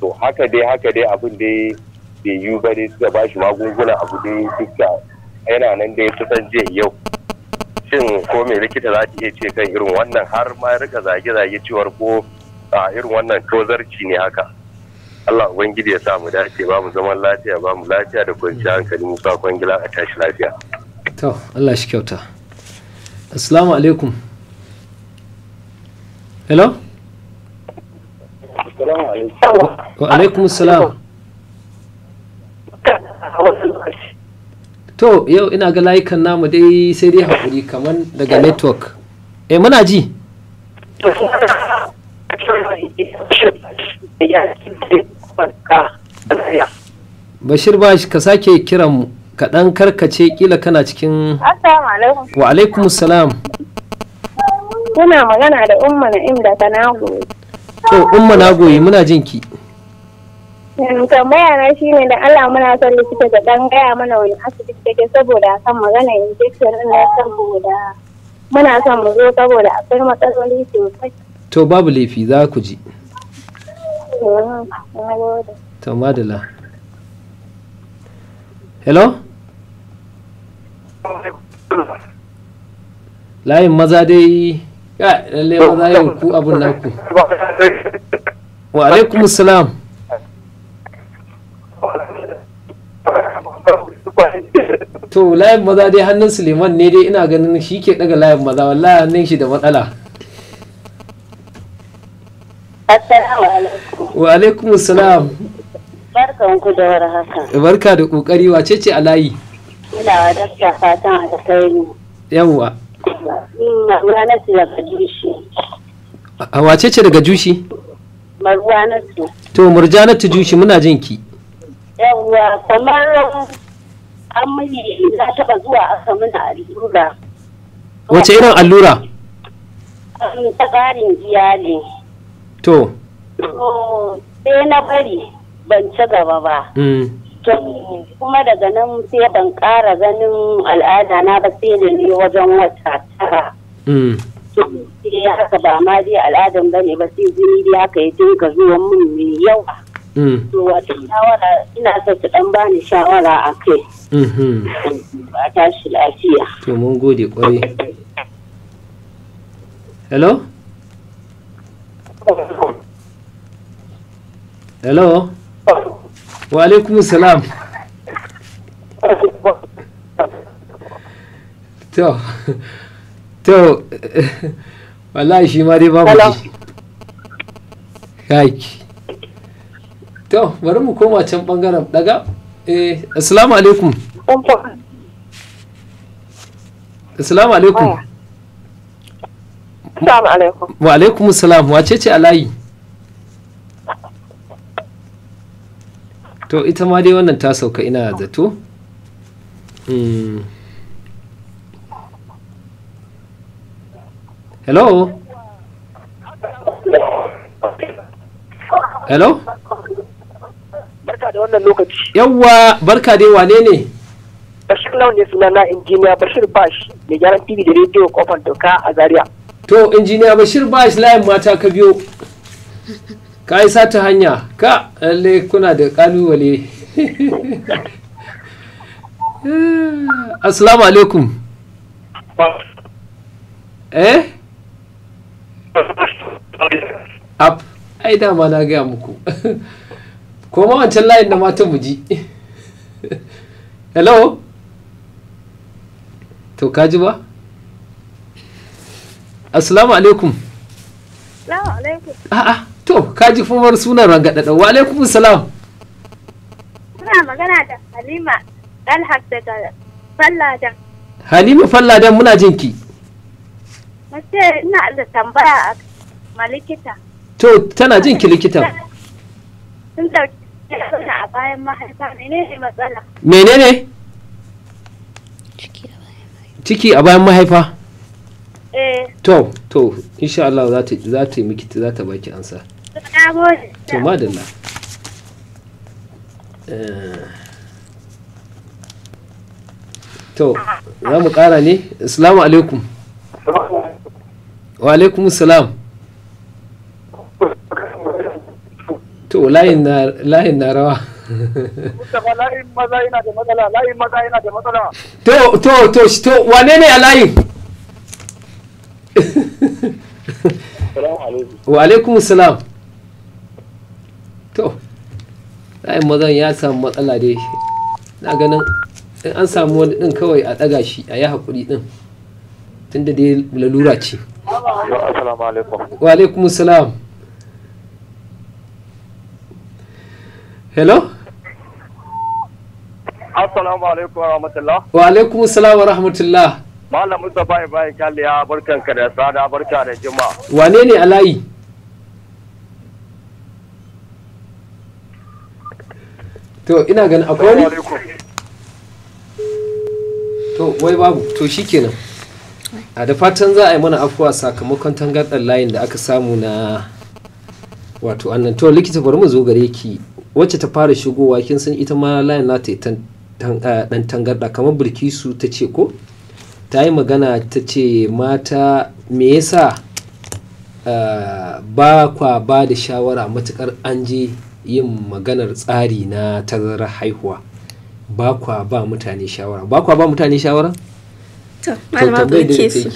to haka dai haka dai abin da ya yi ba dai suka ba shi magunguna abu dai dukka yana nan dai san jiya yau shin ko mai likita za ta iya ce kan irin wannan har ma rika zage-zage cewar ko a irin wannan tozarci ne haka Allah Ubangiji ya samu dace ba mu zaman lafiya ba mu lafiya da kwanciyar hankali mu sa kwangila a tashi lafiya. To Allah shi kyauta. Assalamu alaikum. Hello? wa alaikum salam to yau ina ga layukan namu dai sai dai haƙuri kamar daga network E, muna ji bashir bashi, ka sake kiran mu kaɗan karkace kila kana cikin wa alaikum salam kuna magana da umma na'im ta tanago To umma na goyi muna jin ki. tambaya na ne da Allah muna son likita da dan gaya mana wani asibiti take saboda kan magana injection din na saboda muna son mu zo saboda akwai matsaloli sosai. To babu laifi za ku ji. To madala. Hello? Layin maza dai ya lalle za ku abun wa alaikum salam to layin maza dai hannun suleiman ne dai ina ganin shi ke daga layin maza wallahi hannun shi da matsala wa alaikum salam barkanku da war barka da kokari wace ce a layi ina wa dakta fatan alkhairi yawwa Marwanatu daga Jushi. A wace ce daga Jushi? Marwanatu. To Murjanatu Jushi muna jin ki. Yawwa kamar an za ta ba zuwa aka mini allura. Wace irin allura? Ta tsarin iyali. To. Sai na bari ban ci gaba ba. Mm. kuma daga nan sai ban ƙara ganin al'ada na ba sai na ne wajen wata tara. Mm. Sai ya haka ba ma dai al'adan ba ne ba sai jini dai haka ya dinga zuwa mun mai yawa. Mm. To wata shawara ina so su ɗan bani shawara a kai. Ba mm-hmm. ta shi lafiya. To mun gode ƙwarai. Hello? Hello? wa alaikum salam to to wallahi shi ma dai babu shi to bari mu koma can bangaren daga eh assalamu alaikum assalamu alaikum wa alaikum wace ce alayi to ita ma dai wannan ta sauka ina zato mm. hello hello barka da wannan lokaci yawwa barka dai wane ne bashir lawan ne sunana injiniya bashir bash mai gyaran tv da rediyo kofar doka a zaria to injiniya bashir bash layin mata ka biyo ka yi sata hanya ka lalle kuna da kalubale assalamu alaikum eh ap ai dama na gaya muku koma wancan layin da mata muji hello to ka ji ba assalamu alaikum a'a to kaji fomar sunan rangadada wa alaikum salam kuna magana da halima alhaq daga falladan halima falladan muna jinki mace ina da tambaya a malikita to tana jin ki likitan sun dauki a bayan mahaifa menene matsala menene ciki a bayan mahaifa eh. to to insha Allah za ta miki za ta baki ansa to madalla eh, to za mu kara ne assalamu alaikum wa alaikum salam to layin na rawa layin maza da matsala layin maza da matsala to to to to wane ne a layin wa alaikum salam to ai mazan ya samu matsala dai na ganin in an samu wani din kawai a ɗaga shi a yi haƙuri din tunda dai lalura ce assalamu alaikum wa alaikum salam hello assalamu alaikum wa rahmatullah wa alaikum salam wa rahmatullah malam mustapha ibrahim kalliya barkanka da sada barka da juma'a wane ne alayi to ina ganin akwai wani to wai babu to shikenan a da fatan za a yi mana afuwa sakamakon tangarɗar layin da aka samu na wato annan to likita bari mu zo gare ki wacce ta fara shigowa kin san ita ma layin ta dan tangarɗa kamar bilkisu ta ce ko ta yi magana ta ce mata me yasa ba kwa ba da shawara matukar an je yin maganar tsari na tazarar haihuwa ba kwa ba mutane shawara ba kwa ba mutane shawara to malama ke su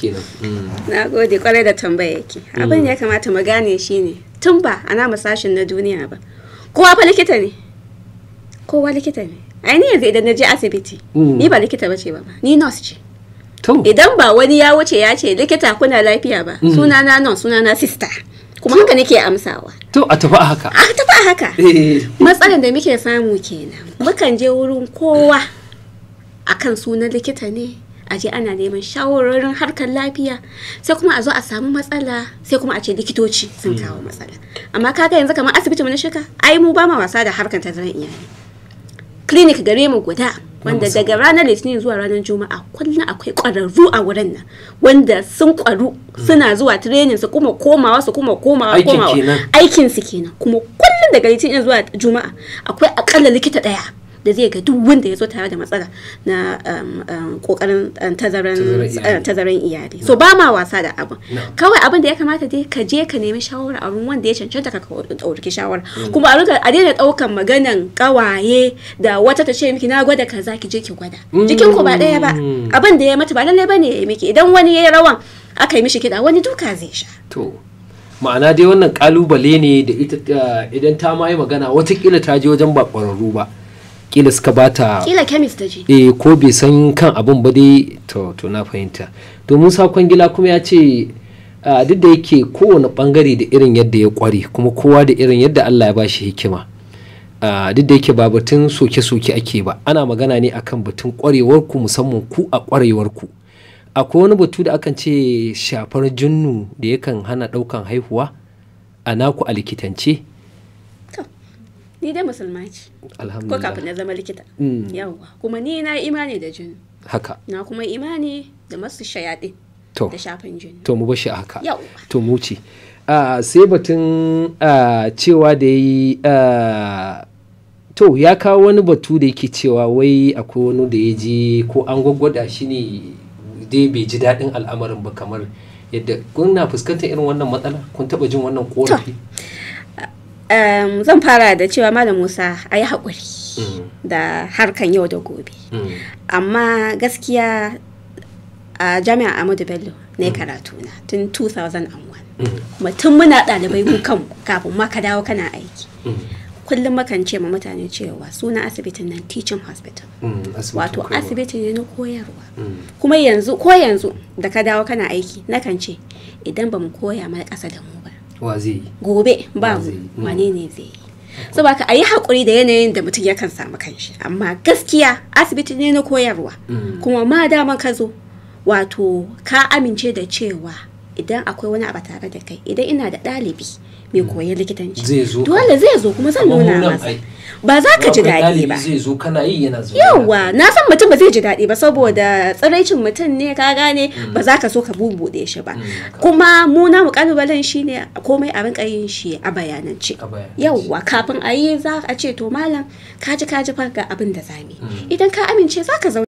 mm. na gode kwarai da tambaya yake abin mm. ya kamata mu gane shine tun ba a masashin sashin na duniya ba kowa fa likita ne kowa likita ne ainihin yanzu idan na je asibiti mm. ni ba likita ba ce ba ni nurse ce idan ba wani ya wuce ya ce likita kuna lafiya ba suna na non suna na sista kuma haka nake amsawa To a tafi a haka. A tafi a haka. Eh. Matsalar da muke samu kenan. Mukan je wurin kowa a kan sunan likita ne. a je ana neman shawarorin harkar lafiya sai kuma a zo a samu matsala sai kuma a ce likitoci sun kawo hmm. matsala amma kaga yanzu kamar asibiti mu na shika ai mu ba ma wasa da harkar tazaran iyali clinic gare mu guda wanda daga ranar litinin zuwa ranar juma'a kullum akwai ƙwararru a wurin nan wanda sun kwaru hmm. suna zuwa training su kuma komawa su kuma komawa komawa aikin su kenan kuma kullum daga litinin zuwa juma'a akwai akalla likita ɗaya da zai ga duk wanda ya zo tare da matsala na kokarin um, um, um, uh, tazaran iyali so ba ma wasa da abin kawai abin da ya kamata dai ka je ka nemi shawara a wurin wanda ya cancanta ka ɗauki shawara mm. kuma a rinka a daina ɗaukan maganan kawaye da wata ta ce miki na gwada ka za ki je ki gwada mm. jikin ku ba ɗaya ba abin da ya mata ba lallai ne ya miki idan wani ya yi rawan aka yi mishi kiɗa wani duka zai sha to ma'ana dai wannan kalubale ne da ita uh, idan ta ma yi magana watakila ta je wajen ba ƙwararru ba kila suka bata kila chemist ta ji. eh ko bai san kan abun ba dai to to na fahimta to Musa Kwangila kuma ya ce duk da yake kowane bangare da irin yadda ya kware kuma kowa da irin yadda Allah ya bashi hikima a duk da yake ba batun soke-soke ake ba ana magana ne akan batun kwarewar ku musamman ku a kwarewar ku akwai wani batu da akan ce shafar jinnu da yakan hana daukan haihuwa a naku a likitance ni dai musulma ce ko kafin na zama likita mm. yawwa kuma ni na imani da jini haka na kuma imani da masu shayaɗin da shafin jini to mu bashi haka to mu ce sai batun cewa da yi to ya kawo wani batu da yake cewa wai akwai wani da ya ji ko an gwaggwada shi ne dai bai ji daɗin al'amarin ba kamar yadda kuna fuskantar irin wannan matsala kun taɓa jin wannan korafi zan fara da cewa malam musa a yi haƙuri mm. da harkan yau da gobe mm. amma gaskiya a jami'a amadu bello na mm. karatu na tun 2001 kuma tun muna ɗalibai mu kan kafin ma ka dawo kana aiki kullum makan ce ma mutane cewa suna asibitin nan teaching hospital wato asibiti ne na koyarwa kuma yanzu ko yanzu da ka dawo kana aiki nakan ce idan ba mu koya mana ƙasa da mu wa gobe ba wane mm. ne zai yi saboda a yi haƙuri da yanayin da mutum yakan samu kanshi amma gaskiya asibiti ne na koyarwa mm. kuma ma dama ka zo wato ka amince da cewa idan akwai wani abu tare da kai idan ina da ɗalibi mai koyi likitanci zai zo zai zo kuma san nuna masa ba za ka ji daɗi ba zo kana yi yana zo yawa na san mutum ba zai ji daɗi ba saboda tsiraicin mutum ne ka gane mm. ba za ka so ka bubuɗe shi ba mm, kuma mu na kalubalen shi ne komai a rinka yin shi a bayanance yawa kafin a yi za a ce to malam kaji kaji farga abin da zami mm. idan ka amince za ka zauna